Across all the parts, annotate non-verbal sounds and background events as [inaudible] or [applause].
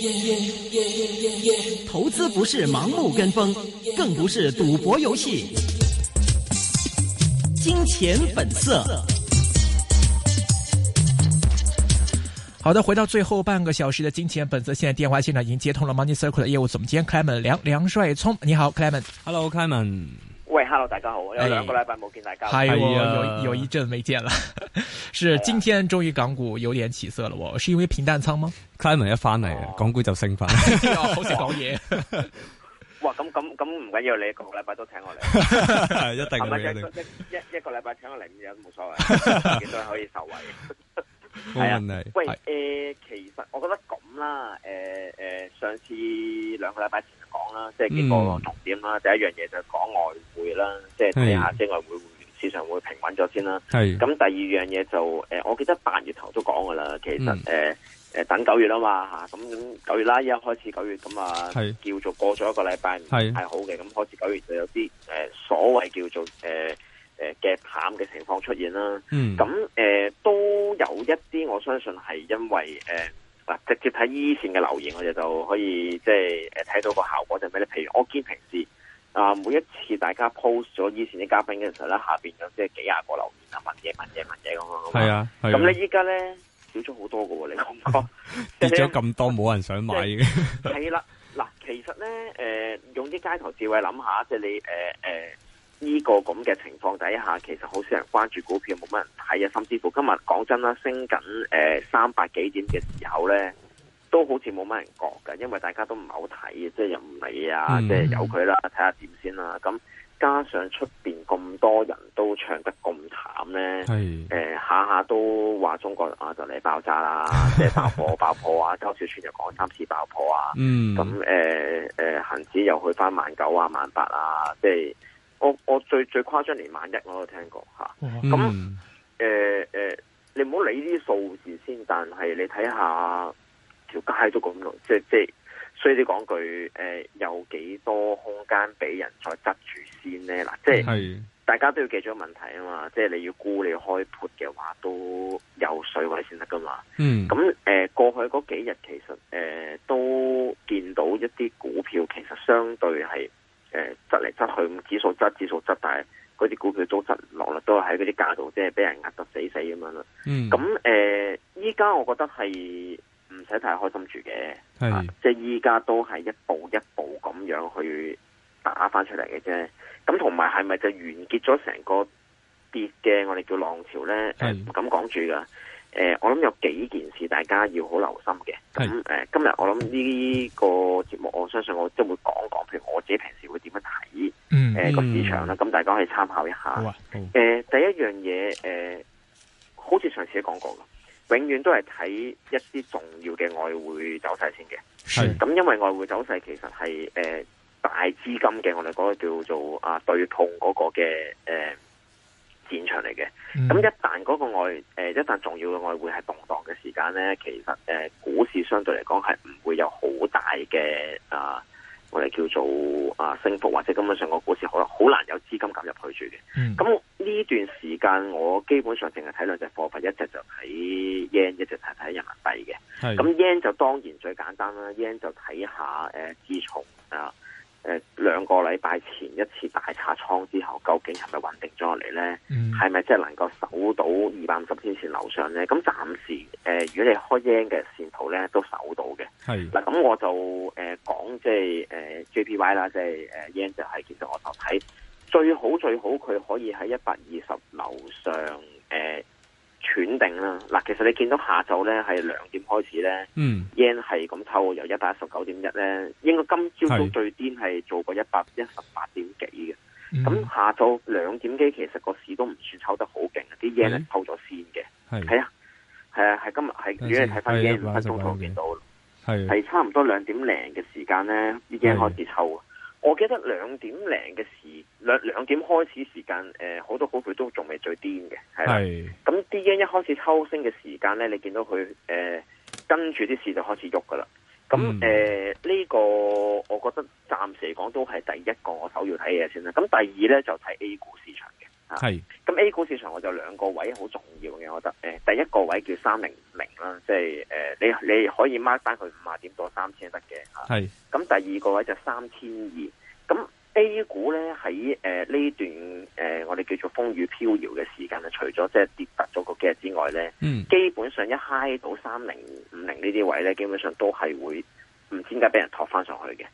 [noise] 投資不是盲目跟風，更不是賭博遊戲。金錢本色。 [noise] 好的，回到最後半個小時的金錢本色，現在電話現場已經接通了 Money Circle 的業務總監 Clement 梁梁帥聰，你好 Clement，Hello Clement。喂，hello，大家好，有兩個禮拜冇見大家，係啊，有有一陣未見啦，是今天終於港股有點起色了，我是因為平淡倉嗎？Clement 一翻嚟，港股就升翻，好識講嘢。哇，咁咁咁唔緊要，你一個禮拜都請我嚟，一定嘅，一定一一個禮拜請我嚟咁樣都冇所謂，幾多可以受惠。係啊，你喂誒，其實我覺得咁啦，誒誒，上次兩個禮拜前講啦，即係幾個重點啦，第一樣嘢就港外。啦，即係睇下即外匯市場會平穩咗先啦。係咁，第二樣嘢就誒，我記得八月頭都講噶啦。其實誒誒、嗯呃，等九月啊嘛吓，咁九月啦，依家開始九月咁啊，叫做過咗一個禮拜唔係好嘅，咁是 開始九月就有啲誒、呃、所謂叫做誒誒嘅淡嘅情況出現啦。嗯，咁、呃、誒都有一啲，我相信係因為誒，嗱、呃，直接睇以前嘅留言，我哋就可以即係誒睇到個效果就咩咧？譬如我見平時。啊！每一次大家 post 咗以前啲嘉賓嘅時候咧，下邊有即係幾廿個留言啊，問嘢問嘢問嘢咁樣噶嘛。係啊，係咁你依家咧少咗好多噶、啊啊嗯，你發覺 [laughs] 跌咗咁多冇人想買嘅。係、 [laughs] 啊就是、啦，嗱，其實咧，誒、呃，用啲街頭智慧諗下，即係你，誒、呃，誒、呃，呢、這個咁嘅情況底下，其實好少人關注股票，冇乜人睇啊。甚至乎今日講真啦，升緊誒、呃、三百幾點嘅時候咧。都好似冇乜人覺嘅，因為大家都唔係好睇，即係又唔理啊，嗯、即係由佢啦，睇下點先啦。咁加上出邊咁多人都唱得咁慘咧，誒是、呃、下下都話中國人啊就嚟爆炸啦，即係爆破爆破啊！周小川又講三次爆破啊，咁誒誒恒指又去翻萬九啊萬八啊，即係、啊就是、我我最我最誇張連萬一我都聽過吓。咁誒誒，你唔好理啲數字先，但係你睇下。條街都咁耐，即係即係，所以你講句誒、呃，有幾多空間俾人再執住先咧？嗱，即係、嗯、大家都要記住個問題啊嘛，即係你要沽你要開盤嘅話都有水位先得噶嘛。嗯，咁誒、呃，過去嗰幾日其實誒、呃、都見到一啲股票，其實相對係誒執嚟執去，指數執，指數執，但係嗰啲股票都執落啦，都係喺嗰啲價度，即係俾人壓得死死咁樣啦。嗯，咁誒、嗯、依、呃、家我覺得係。唔使太開心住嘅是、啊，即係依家都係一步一步咁樣去打翻出嚟嘅啫。咁同埋係咪就完結咗成個跌嘅？我哋叫浪潮呢，唔是、呃、敢講住噶。我諗有幾件事大家要好留心嘅。咁是、呃、今日我諗呢個節目，我相信我都會講講，譬如我自己平時會點樣睇，誒個市場啦。咁、呃嗯、大家可以參考一下。誒、啊呃，第一樣嘢、呃，好似上次講過噶。永遠都係睇一啲重要嘅外匯走勢先嘅，係咁的，因為外匯走勢其實係誒、呃、大資金嘅，我哋嗰個叫做啊對碰嗰個嘅誒、呃、戰場嚟嘅。咁、嗯、一旦嗰個外誒、呃、一旦重要嘅外匯係動盪嘅時間咧，其實誒、呃、股市相對嚟講係唔會有好大嘅啊。呃我哋叫做啊升幅，或者根本上個股市好難，好難有資金流入去住嘅。咁呢、嗯、段時間，我基本上淨係睇兩隻貨幣，一隻就睇 yen，一隻係睇人民幣嘅。咁 yen 的就當然最簡單啦，yen 就睇下誒，自、呃、從啊。誒、呃，兩個禮拜前一次大殺倉之後，究竟係咪穩定咗落嚟咧？係咪、嗯、即係能夠守到二百五十天線樓上咧？咁暫時誒、呃，如果你開 yen 嘅線圖咧，都守到嘅。係嗱是，咁我就誒、呃、講即係誒、呃、JPY 啦，即係誒、呃、yen 就係，其實我就睇最好最好佢可以喺一百二十樓上誒。呃斷定啦！嗱，其實你見到下晝咧係兩點開始咧，yen 係咁抽，由一百一十九點一咧，應該今朝早最癲係做過一百一十八點幾嘅。咁、嗯、下晝兩點幾，其實個市都唔算抽得好勁，啲 yen 咧抽咗先嘅。係啊，係啊，係今日係如果你睇翻 yen 五分鐘就見到，係差唔多兩點零嘅時間咧，啲 yen 開始抽。我記得兩點零嘅時，兩兩點開始時間，誒、呃、好多股票都仲未最癲嘅，係啦。咁啲嘢一開始抽升嘅時間咧，你見到佢誒、呃、跟住啲市就開始喐㗎喇。咁誒呢個我覺得暫時嚟講都係第一個我首要睇嘢先啦。咁第二咧就睇 A 股市場嘅。係，咁是 A 股市場我就兩個位好重要嘅，我覺得，誒、呃，第一個位叫三零五零啦，即係，誒，你你可以 mark 翻佢五十點到三千得嘅，吓、啊。係是，咁第二個位就三千二。咁 A 股咧喺誒呢、呃、段誒、呃、我哋叫做風雨飄搖嘅時間咧，除咗即係跌突咗個幾日之外咧，嗯、基本上一嗨到三零五零呢啲位咧，基本上都係會唔知點解俾人托翻上去嘅，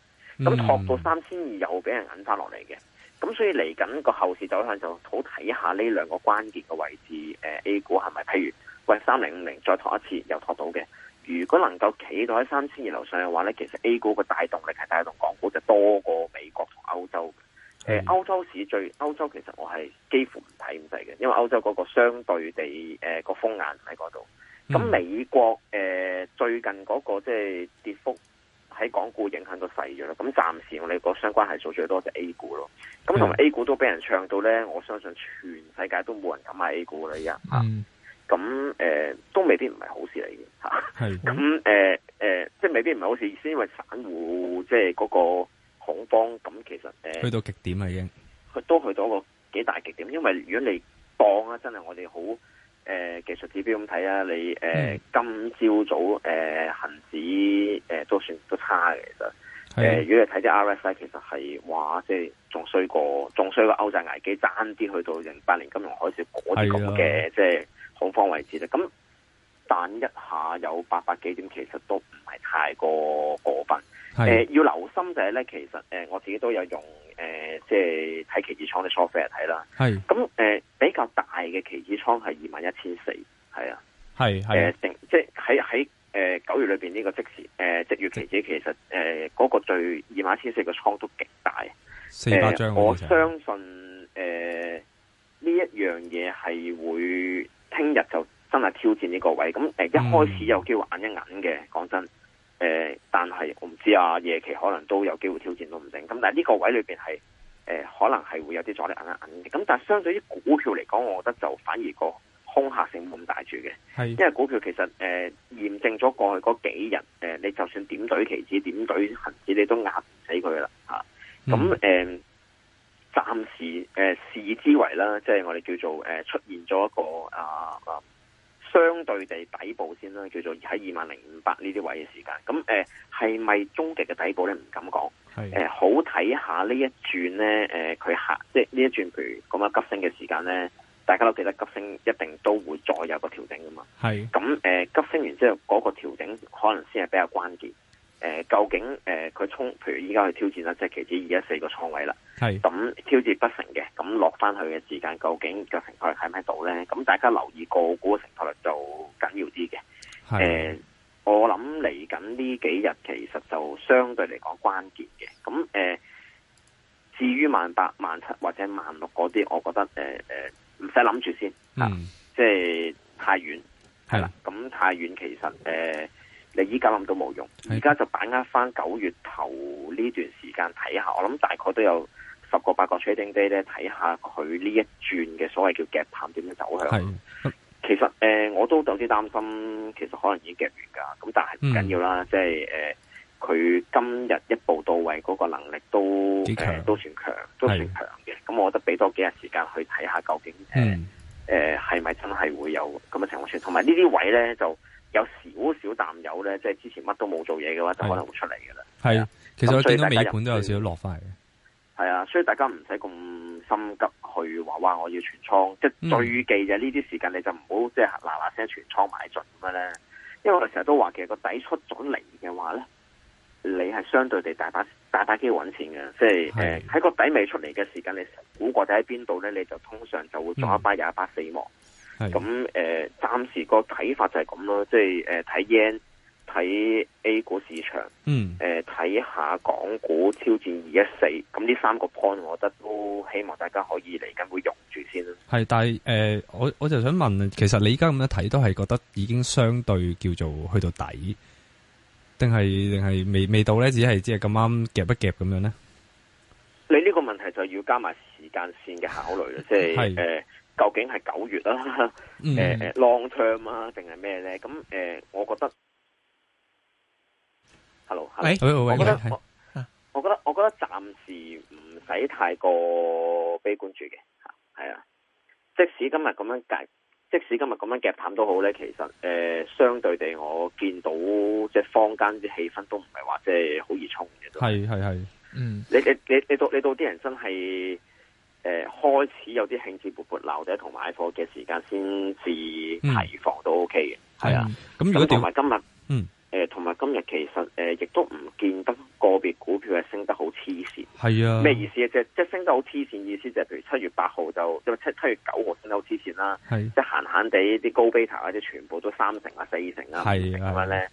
咁托到三千二又俾人引翻落嚟嘅。嗯嗯咁所以嚟緊個後市走向就好睇下呢兩個關鍵嘅位置，誒、呃、A 股係咪？譬如喂三零五零再托一次又托到嘅，如果能夠企到喺三千二樓上嘅話咧，其實 A 股個帶動力係帶動港股就多過美國同歐洲嘅。誒、呃，歐、嗯、洲市最歐洲其實我係幾乎唔睇咁滯嘅，因為歐洲嗰個相對地誒個、呃、風眼喺嗰度。咁美國誒、呃、最近嗰個即係跌幅。喺港股影響到細咗啦，咁暫時我哋個相關係數最多就 A 股咯，咁同埋 A 股都俾人唱到咧，我相信全世界都冇人敢買 A 股啦，依家吓，咁誒、呃、都未必唔係好事嚟嘅吓。咁誒誒，即係未必唔係好事，先因為散戶即係嗰個恐慌，咁其實誒、呃、去到極點啦已經，佢都去到一個幾大極點，因為如果你當啊，真係我哋好。誒、呃、技術指標咁睇啊，你誒、呃、今朝早誒恆、呃、指誒、呃、都算都差嘅，其實誒如果你睇啲 RSI 其實係話即係仲衰過仲衰過歐債危機，爭啲去到零八年金融海嘯嗰啲咁嘅即係恐慌位置咧，咁。彈一下有八百幾點，其實都唔係太過過分。誒的、呃，要留心就係咧，其實誒、呃，我自己都有用誒、呃，即係睇期指倉嘅 software 睇啦。係咁誒，比較大嘅期指倉係二萬一千四，係啊的，係係誒，即係喺喺誒九月裏邊呢個即時誒、呃、即月期指，即其實誒嗰、呃那個最二萬一千四嘅倉都極大。四百張，我相信誒呢一樣嘢係會聽日就。呃真係挑戰呢個位，咁誒一開始有機會硬一硬嘅，講真，誒、呃，但係我唔知啊，夜期可能都有機會挑戰到唔定，咁但係呢個位裏邊係誒，可能係會有啲阻力硬一硬嘅，咁但係相對於股票嚟講，我覺得就反而個空客性冇咁大住嘅，是因為股票其實誒驗、呃、證咗過去嗰幾日，誒、呃，你就算點懟期指、點懟恒指，你都壓唔死佢啦，吓、啊，咁誒、嗯，暫、啊、時誒視、呃、之為啦，即係我哋叫做誒出現咗一個啊。相對地底部先啦，叫做喺二萬零五百呢啲位嘅時間，咁誒係咪終極嘅底部咧？唔敢講，誒係、呃、好睇下呢一轉咧，誒佢下即係呢一轉譬如咁樣急升嘅時間咧，大家都記得急升一定都會再有個調整噶嘛，係，咁誒急升完之後嗰個調整可能先係比較關鍵。誒、呃，究竟誒佢、呃、衝，譬如依家去挑戰啦，即係期指二一四個倉位啦，係是，咁挑戰不成嘅，咁落翻去嘅時間究竟個情況喺咩度咧？咁大家留意個股嘅成套率就緊要啲嘅。誒、嗯，我諗嚟緊呢幾日其實就相對嚟講關鍵嘅。咁、嗯、誒，至於萬八、萬七或者萬六嗰啲，我覺得誒誒，唔使諗住先啊，即係太遠係啦。咁太遠其實誒。你依家諗都冇用，而家就把握翻九月頭呢段時間睇下，我諗大概都有十個八個 trading day 咧，睇下佢呢一轉嘅所謂叫 gap 探點樣走向。的其實誒、呃、我都有啲擔心，其實可能已經夾完噶，咁但係唔緊要啦，即係誒佢今日一步到位嗰個能力都都、呃、算強，都算強嘅。咁的、嗯、我覺得俾多幾日時間去睇下究竟誒誒係咪真係會有咁嘅情況同埋呢啲位咧就有少。即係之前乜都冇做嘢嘅話，的就可能會出嚟嘅啦。係啊，其實我見到尾盤都有少少落翻嚟。係啊，所以大家唔使咁心急去話話我要全倉，即係最忌嘅呢啲時間，你就唔好即係嗱嗱聲全倉買進咁樣咧。因為我哋成日都話，其實個底出咗嚟嘅話咧，你係相對地大把大把機搵錢嘅。即係誒，喺個的底未出嚟嘅時間，你估個底喺邊度咧，你就通常就會做一巴廿一巴死亡。咁誒、嗯，暫的、呃、時個睇法就係咁咯。即係誒，睇 yen。喺 A 股市場，嗯，誒、呃，睇下港股挑戰二一四，咁呢三個 point，我覺得都希望大家可以嚟緊會用住先啦。係，但係，誒、呃，我我就想問，其實你依家咁樣睇，都係覺得已經相對叫做去到底，定係定係未未到咧？只係即係咁啱夾一夾咁樣咧？你呢個問題就要加埋時間線嘅考慮啦，即係誒，究竟係九月啦，誒，long term 啊，定係咩咧？咁誒、嗯啊呃，我覺得。hello，hello 喂，我覺得，我覺得，我覺得暫時唔使太過悲觀住嘅，吓，係啊，即使今日咁樣夾，即使今日咁樣夾淡都好咧，其實，誒，相對地，我見到即係坊間啲氣氛都唔係話即係好嚴重嘅，都係係係，嗯，你你你你到你到啲人真係，誒，開始有啲興致勃勃流嘅，同埋貨嘅時間先至提防都 OK 嘅，係啊，咁如果同埋今日。咩意思啊？即係即係升得好黐線，意思就係、是、譬如七月八號就即七七月九號升得好黐線啦。是即係閒閒地啲高 beta 啊，即全部都三成啊、四成啊咁樣咧。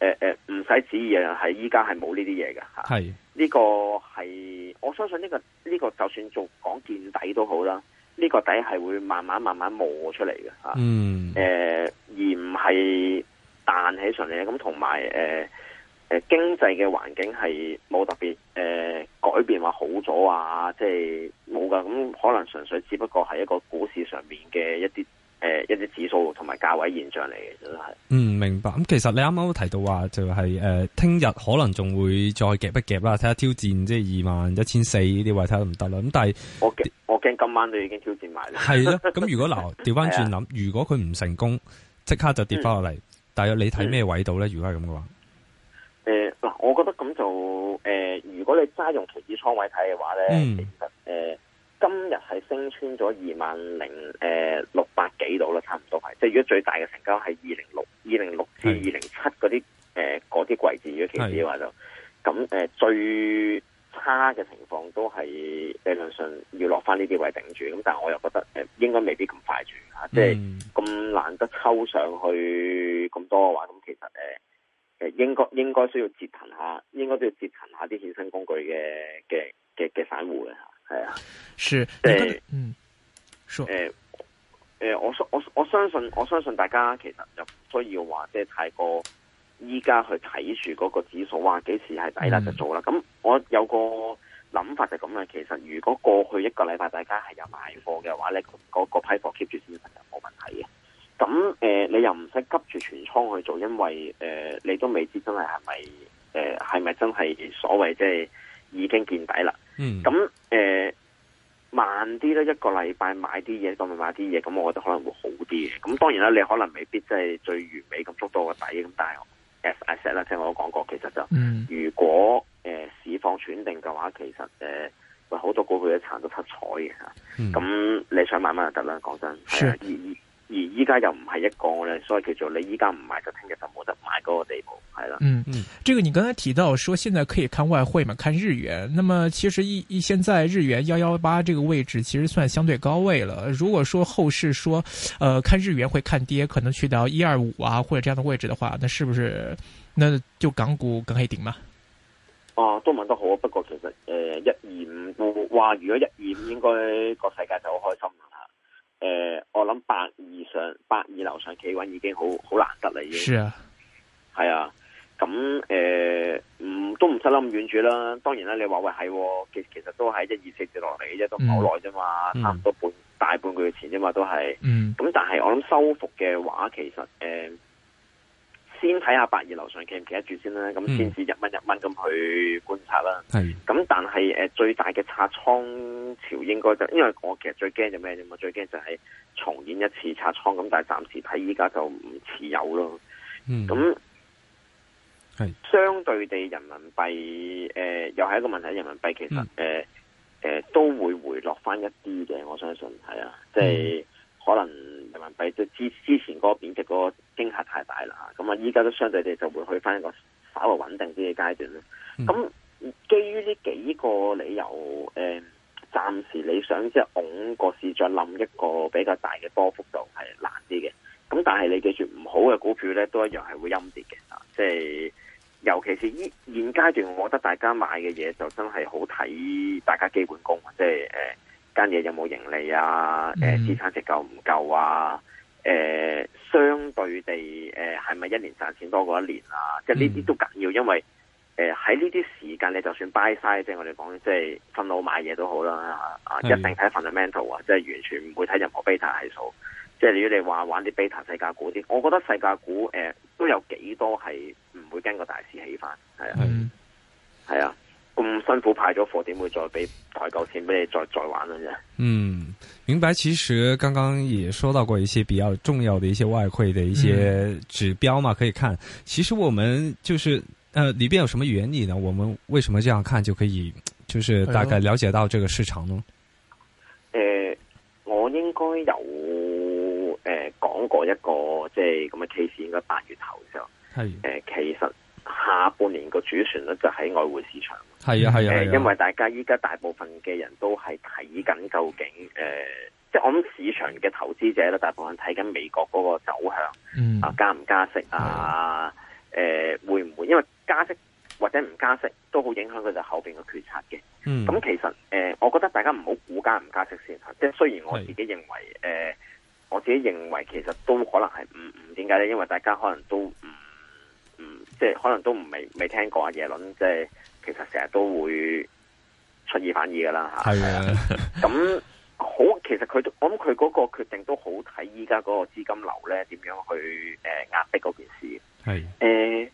誒誒，唔使指意嘅係，依家係冇呢啲嘢嘅吓。呢是個係我相信呢、這個呢、這個就算做講見底都好啦。呢、這個底係會慢慢慢慢磨出嚟嘅吓。嗯。誒、呃，而唔係彈起上嚟咁，同埋誒誒經濟嘅環境係冇特別誒。呃呃改變話好咗啊！即係冇噶，咁可能純粹只不過係一個股市上面嘅一啲誒、呃、一啲指數同埋價位現象嚟嘅，真係。嗯，明白。咁其實你啱啱都提到話、就係，就係誒，聽日可能仲會再夾一夾啦？睇下挑戰即係二萬一千四呢啲位睇得唔得啦。咁但係我驚我驚今晚都已經挑戰埋。係咯是。咁如果嗱調翻轉諗，如果佢唔成功，即刻就跌翻落嚟。嗯、大約你睇咩位度咧？如果係咁嘅話？如果你齋用期指倉位睇嘅話咧，嗯、其實誒、呃、今日係升穿咗二萬零誒六百幾度啦，差唔多係。即係如果最大嘅成交係二零六、二零六至二零七嗰啲誒啲位置，如果、呃、期指話就咁誒最差嘅情況都係理論上要落返呢啲位頂住。咁但係我又覺得誒、呃、應該未必咁快住吓，啊嗯、即係咁難得抽上去咁多嘅話，咁、啊、其實誒。呃應該應該需要折騰下，應該都要折騰下啲衍生工具嘅嘅嘅嘅散戶嘅吓，係啊，是即、欸、嗯，誒誒、啊欸，我我我相信我相信大家其實就唔需要話即係太過依家去睇住嗰個指數話幾時係抵啦就做啦，咁我有個諗法就咁啦，其實如果過去一個禮拜大家係有賣貨嘅話咧，嗰個批貨 keep 住先就冇問題嘅。咁誒，你又唔使急住全倉去做，因為誒，你都未知真係係咪誒，係咪真係所謂即係已經見底啦？嗯。咁誒、嗯，慢啲啦，一個禮拜買啲嘢，當面買啲嘢，咁我覺得可能會好啲嘅。咁當然啦，你可能未必即係最完美咁捉到個底咁，但係，as I said 啦，即係我都講過，其實就如果誒、呃、市況轉定嘅話，其實誒好、呃、多股票都賺到七彩嘅嚇。咁、嗯、你、嗯、想買乜就得啦，講真。是 Sure.。而依家又唔係一個咧，所以叫做你依家唔買就聽日就冇得買嗰個地步，係啦。嗯嗯，這個你剛才提到說現在可以看外匯嘛，看日元。那麼其實一一現在日元幺幺八這個位置其實算相對高位了。如果說後市說，呃，看日元會看跌，可能去到一二五啊或者這樣的位置的話，那是不是那就港股更可以頂嘛？哦、啊，都問得好，不過其實誒，一二五話如果一二五應該個世界就好開心。誒，我諗八二上八二樓上企穩已經好好難得啦。已經。是啊，係啊，咁誒，唔都唔使諗遠住啦。當然啦，你話喂係，其其實都係一二四跌落嚟嘅啫，都唔好耐啫嘛，差唔多半大半個月前啫嘛，都係。嗯。咁但係我諗修復嘅話，其實誒。先睇下八二樓上企唔企得住先啦，咁、嗯、先至一蚊一蚊咁去觀察啦。係是，咁但係誒、呃、最大嘅拆倉潮應該就，因為我其實最驚就咩啫嘛，最驚就係重演一次拆倉。咁但係暫時睇依家就唔持有咯。嗯，咁係那是相對地，人民幣誒、呃、又係一個問題。人民幣其實誒誒、嗯呃呃、都會回落返一啲嘅，我相信係啊，即係、嗯、可能。人民幣即之之前嗰個貶值個驚嚇太大啦，咁啊依家都相對地就會去翻一個稍為穩定啲嘅階段咧。咁、嗯、基於呢幾個理由，誒、呃，暫時你想即係拱個市再冧一個比較大嘅波幅度係難啲嘅。咁但係你記住唔好嘅股票呢，都一樣係會陰跌嘅啊！即係、就是、尤其是依現階段，我覺得大家買嘅嘢就真係好睇，大家基本功即係間嘢有冇盈利啊？誒、呃，資產值夠唔夠啊？誒、呃，相對地，誒係咪一年賺錢多過一年啊？即係呢啲都緊要，因為誒喺呢啲時間你就算買晒，即、就、係、是、我哋講，即係分佬買嘢都好啦啊！一定睇 fundamental 啊，是即係完全唔會睇任何 beta 係數。即係如果你話玩啲 beta 世界股啲，我覺得世界股誒、呃、都有幾多係唔會跟個大市起翻，係啊，係、嗯、啊。咁辛苦派咗貨，點會再俾抬夠錢俾你再再玩啊？啫，嗯，明白。其實剛剛也說到過一些比較重要的一些外匯的一些指標嘛，嗯、可以看。其實我們就是，呃，裏邊有什麼原理呢？我們為什麼這樣看就可以，就是大概了解到這個市場呢？誒、哦呃，我應該有誒、呃、講過一個即係咁嘅 case，應該八月頭就係誒，其實是。呃下半年個主旋律就喺外匯市場，係啊係啊，啊啊啊，因為大家依家大部分嘅人都係睇緊究竟，誒、呃，即、就、係、是、我諗市場嘅投資者咧，大部分睇緊美國嗰個走向，嗯、啊加唔加息、嗯、啊，誒、呃、會唔會因為加息或者唔加息都好影響佢哋後邊嘅決策嘅，咁、嗯、其實誒、呃，我覺得大家唔好估加唔加息先吓，即係雖然我自己認為，誒是、呃，我自己認為其實都可能係唔唔點解咧，因為大家可能都。即係可能都唔係未未聽過啊耶倫，即係其實成日都會出爾反爾噶啦係是啊，啊，咁 [laughs] 好，其實佢，我諗佢嗰個決定都好睇，依家嗰個資金流咧點樣去誒、呃、壓迫嗰件事。係誒是，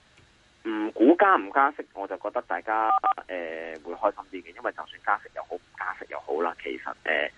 唔、呃、估加唔加息，我就覺得大家誒、呃、會開心啲嘅，因為就算加息又好，唔加息又好啦，其實誒。呃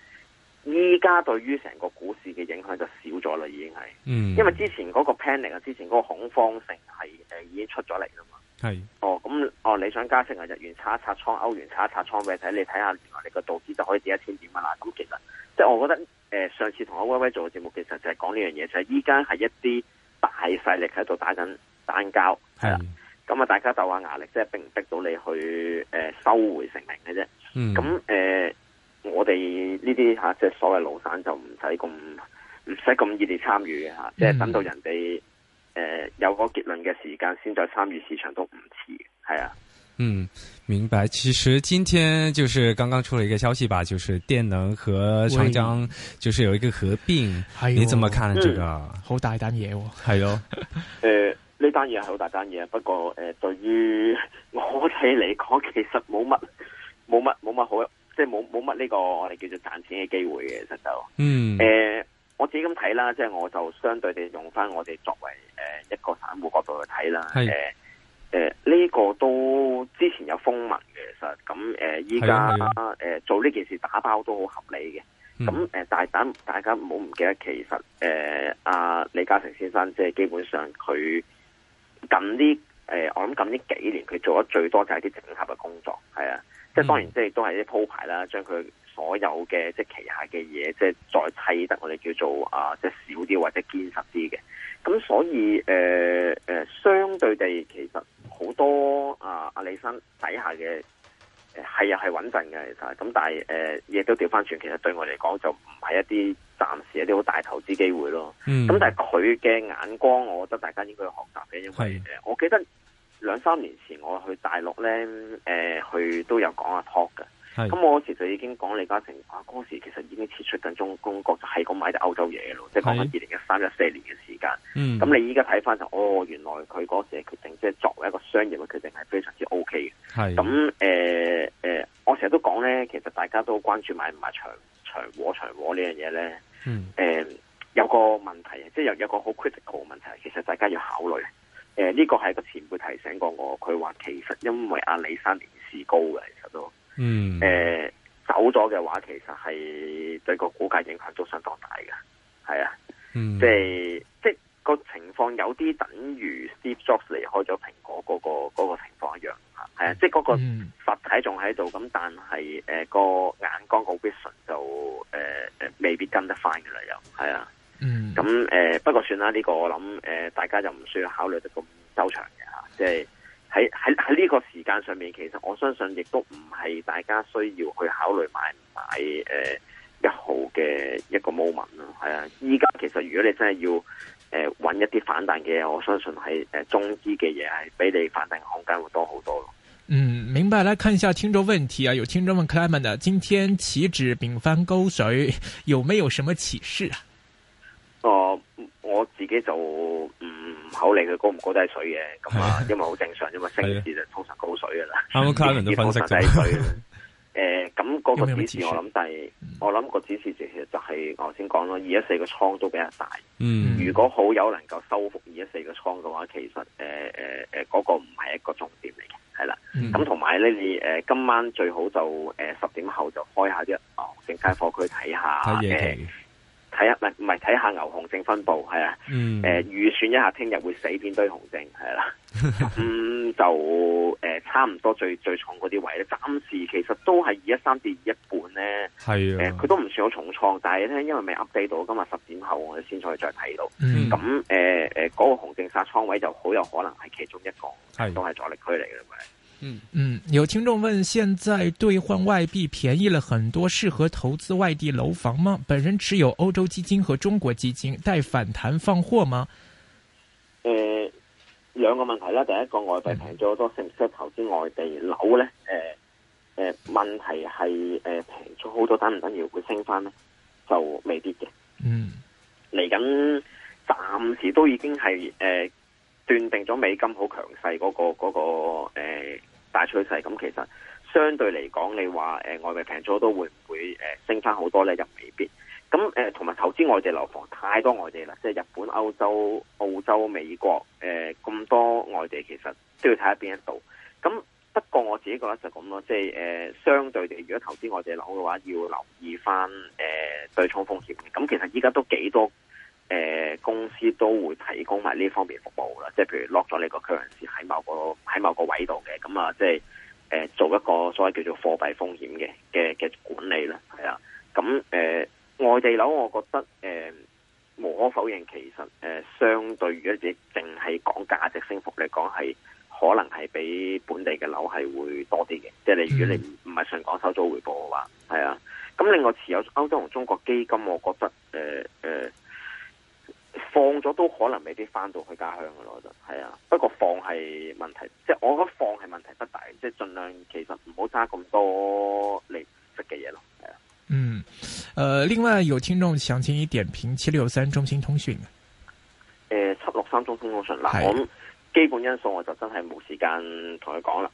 依家對於成個股市嘅影響就少咗啦，已經係，嗯，因為之前嗰個 panic 啊，之前嗰個恐慌性係誒已經出咗嚟啦嘛，係是、哦，哦，咁，哦，你想加息，啊，日元叉一叉倉，歐元叉一叉倉，咪睇你睇下原來你個道指就可以跌一千點啊，咁其實即係我覺得誒、呃、上次同阿威威做嘅節目，其實就係講呢樣嘢，就係依家係一啲大勢力喺度打緊單交，係啦是，咁啊大家鬥下壓力，即係並唔逼到你去誒、呃、收回成命嘅啫，咁誒的。嗯我哋呢啲吓，即係所謂老散就唔使咁唔使咁熱烈參與嘅吓，即係、嗯、等到人哋誒、呃、有嗰結論嘅時間，先再參與市場都唔遲，係啊。嗯，明白。其實今天就是剛剛出了一個消息吧，就是電能和長江就是有一個合併，喂你怎麼看呢、哦是哦 [laughs] 呃？這個好大單嘢喎，係咯。誒，呢單嘢係好大單嘢，不過誒、呃，對於我哋嚟講，其實冇乜冇乜冇乜好。即係冇冇乜呢個我哋叫做賺錢嘅機會嘅，其實就嗯誒、呃，我自己咁睇啦，即係我就相對地用翻我哋作為誒、呃、一個散戶角度去睇啦，誒誒呢個都之前有風聞嘅，實咁誒依家誒做呢件事打包都好合理嘅，咁誒、嗯、大家大家唔好唔記得，其實誒阿、呃、李嘉誠先生即係基本上佢近呢誒我諗近呢幾年佢做咗最多就係啲整合嘅工作，係啊。即係、嗯、當然、呃，即係都係啲鋪排啦，將佢所有嘅即係旗下嘅嘢，即係再砌得我哋叫做啊，即係少啲或者堅實啲嘅。咁所以誒誒、呃呃，相對地，其實好多啊阿李生底下嘅係又係穩陣嘅，其實咁但係誒，亦、呃、都調翻轉，其實對我嚟講就唔係一啲暫時一啲好大投資機會咯。咁、嗯、但係佢嘅眼光，我覺得大家應該要學習嘅，因為誒，我記得。兩三年前我去大陸咧，誒、呃、去都有講阿託嘅，咁是我嗰時就已經講李嘉誠，啊嗰時其實已經撤出緊中中國，就係咁買啲歐洲嘢咯，是即係講緊二零一三一四年嘅時間。咁、嗯、你依家睇翻就，哦原來佢嗰時嘅決定，即係作為一個商業嘅決定係非常之 OK 嘅。係咁誒誒，我成日都講咧，其實大家都關注買唔買長長和長和呢樣嘢咧。嗯，誒、呃、有個問題即係有有個好 critical 嘅問題，其實大家要考慮。誒，呢、呃，這個係個前輩提醒過我，佢話其實因為阿李生年事高嘅，其實都，嗯，誒、呃、走咗嘅話，其實係對個股價影響都相當大嘅，係啊，嗯，即係即係、這個情況有啲等於 Steve Jobs 離開咗蘋果嗰、那個、那個情況一樣啊，係啊，即係嗰個實體仲喺度，咁但係誒個眼光個 vision 就誒誒、呃、未必跟得返嘅啦，又係啊。嗯，咁誒、呃，不過算啦，呢、這個我諗誒、呃，大家就唔需要考慮得咁周詳嘅吓，即係喺喺喺呢個時間上面，其實我相信亦都唔係大家需要去考慮買唔買誒一、呃、號嘅一個 moment 咯，係啊。依家其實如果你真係要誒揾、呃、一啲反彈嘅嘢，我相信係誒、呃、中資嘅嘢係比你反彈嘅空間會多好多咯。嗯，明白。啦，看一下聽眾問題啊，有聽眾問 Clement 嘅，今天期指變返高水，有沒有什麼啟示啊？我、呃、我自己就唔考慮佢高唔高低水嘅，咁、嗯、啊， [laughs] 因為好正常啫嘛，升市就通常高水噶啦。啱啱卡倫低水。咁嗰個指示我諗但係，我諗個指示其實就係我頭先講咯，二一四個倉都比較大。嗯。如果好友能夠收復二一四個倉嘅話，其實誒誒誒，嗰個唔係一個重點嚟嘅，係、嗯、啦。咁同埋咧，你誒、嗯、今晚最好就誒十、呃、點後就開一下只哦正街貨區睇下係啊，唔係唔係睇下牛熊證分布，係啊，誒預、嗯呃、算一下聽日會死邊堆熊證，係啦，咁、 [laughs] 嗯、就誒、呃、差唔多最最重嗰啲位咧，暫時其實都係二一三至二一半咧，係誒佢都唔算好重創，但係咧因為未 update 到，今日十點後我哋先再再睇到，咁誒誒嗰個熊證殺倉位就好有可能係其中一個，係都係阻力區嚟嘅。嗯嗯，有聽眾問：現在兌換外幣便宜了很多，適合投資外地樓房嗎？本人持有歐洲基金和中國基金，待反彈放貨嗎？誒、呃，兩個問題啦。第一個外幣平咗好多，適唔適合、嗯、投資外地樓咧？誒、呃、誒、呃，問題係誒平咗好多，等唔等於會升翻咧？就未必嘅。嗯，嚟緊暫時都已經係誒、呃、斷定咗美金好強勢，嗰、嗰個、嗰個誒。嗰個呃大趨勢咁，其實相對嚟講，你話誒、呃、外幣平咗，都會唔會誒、呃、升翻好多咧？又未必。咁誒同埋投資外地樓房太多外地啦，即係日本、歐洲、澳洲、美國誒咁、呃、多外地，其實都要睇下邊一度。咁不過我自己覺得就咁咯，即係誒、呃、相對地，如果投資外地樓嘅話，要留意翻誒、呃、對沖風險。咁、嗯、其實依家都幾多。誒，公司都會提供埋呢方面服務啦，即係譬如 lock 咗你個 currency 喺某個喺某個位度嘅，咁啊，即係誒、呃、做一個所謂叫做貨幣風險嘅嘅嘅管理啦，係啊，咁、嗯、誒，外地樓，我覺得誒無可否認，其實誒相對如果只淨係講價值升幅嚟講，係可能係比本地嘅樓係會多啲嘅，即係你如果你唔係想講收租回報嘅話，係啊，咁另外持有歐洲同中國基金，我覺得誒誒。呃呃放咗都可能未必翻到去家鄉噶咯，就係啊。不過放係問題，即係我覺得放係問題不大，即係盡量其實唔好揸咁多嚟食嘅嘢咯。係啊。嗯，誒、呃，另外有聽眾想請你點評七六三中興通訊。誒、呃，七六三中興通訊嗱、啊，我基本因素我就真係冇時間同佢講啦。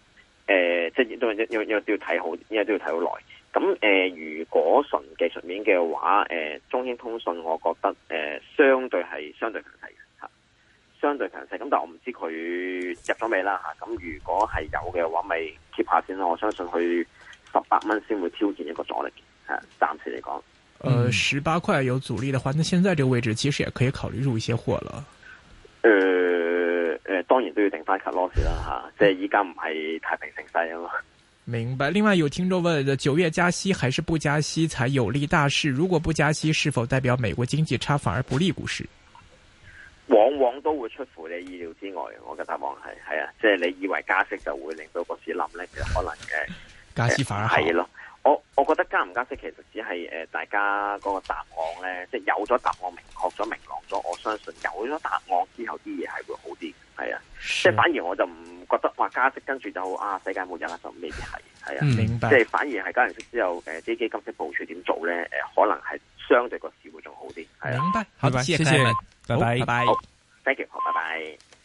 誒、呃，即係都要要要都要睇好，因為都要睇好耐。咁誒、嗯呃，如果純技術面嘅話，誒、呃，中興通訊，我覺得誒、呃，相對係相對強勢吓，相對強勢。咁但係我唔知佢入咗未啦吓。咁、啊啊、如果係有嘅話，咪 keep 下先咯。我相信佢十八蚊先會挑戰一個阻力吓。暫、啊、時嚟講，誒、嗯，十八塊有阻力嘅話，那現在這個位置其實也可以考慮入一些貨啦。誒誒，當然都要定翻 cut loss 啦吓，啊嗯、即係依家唔係太平盛世啊嘛。明白。另外有聽眾問：九月加息還是不加息才有利大市？如果不加息，是否代表美國經濟差反而不利股市？往往都會出乎你意料之外。我嘅答案係，係啊，即係你以為加息就會令到股市冧咧，其實可能嘅，呃、 [laughs] 加息反而係咯。 [laughs] 我我覺得加唔加息其實只係誒、呃、大家嗰個答案咧，即係有咗答案明確咗明朗咗，我相信有咗答案之後啲嘢係會好啲，係啊，即係的反而我就唔覺得話加息跟住就啊世界末日啦，就未必係，係啊，明白。即係反而係加息之後誒啲基金即部署點做咧，誒、呃、可能係相對個市會仲好啲，係啊，好，謝謝，拜拜，好，thank you，拜拜。